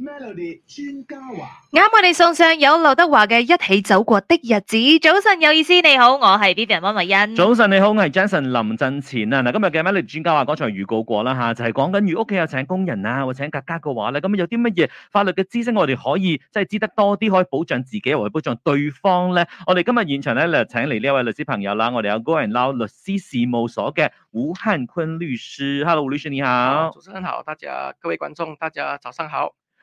Melody 專家話啱，我哋送上有劉德華嘅《一起走過的日子》。早晨有意思，你好，我係 B B m o n e y 欣。早晨你好，我係 Jason 林振前啊！嗱，今日嘅 Melody 專家話嗰場預告過啦吓、啊，就係講緊如屋企有請工人啊，或請格家嘅話咧，咁有啲乜嘢法律嘅知識我哋可以即係、就是、知得多啲，可以保障自己，或者保障對方咧？我哋今日現場咧嚟請嚟呢一位律師朋友啦，我哋有 Goh&Lau 律師事務所嘅吳漢坤律師。Hello，吳律師你好，早晨好，大家各位觀眾大家早上好。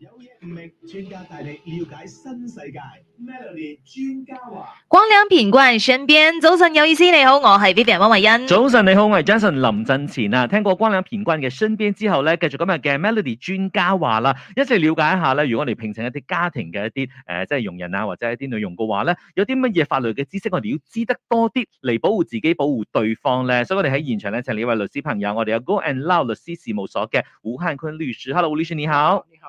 有嘢唔明，專家帶你了解新世界。Melody 專家話：光亮平君身邊，早晨有意思，你好，我係 Vivian 汪慧欣。早晨你好，我係 Jason 林振前啊。聽過光亮平君嘅身邊之後咧，繼續今日嘅 Melody 專家話啦，一齊了解一下咧。如果我哋聘請一啲家庭嘅一啲誒、呃，即係傭人啊，或者一啲女傭嘅話咧，有啲乜嘢法律嘅知識我哋要知得多啲嚟保護自己、保護對方咧。所以我哋喺現場咧，請呢位律師朋友，我哋有 Goh and Lau 律師事務所嘅吳漢坤律師。Hello，律師你好。你好。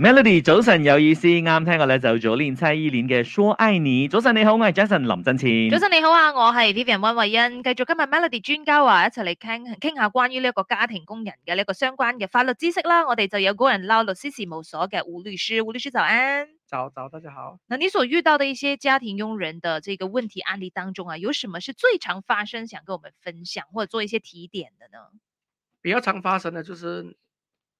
Melody，早晨有意思，啱聽過咧，就早年差依年嘅說愛你。早晨你好，我係 Jason 林振前。早晨你好啊，我係 Vivian 溫慧欣。繼續今日 Melody 專家啊，一齊嚟，傾傾下關於呢一個家庭工人嘅呢個相關嘅法律知識啦。我哋就有 Goh&Lau 律師事務所嘅吳律師，吳律師早安。早早大家好。那你所遇到的一些家庭傭人的這個問題案例當中啊，有什麼是最常發生，想跟我們分享或者做一些提點的呢？比較常發生嘅就是。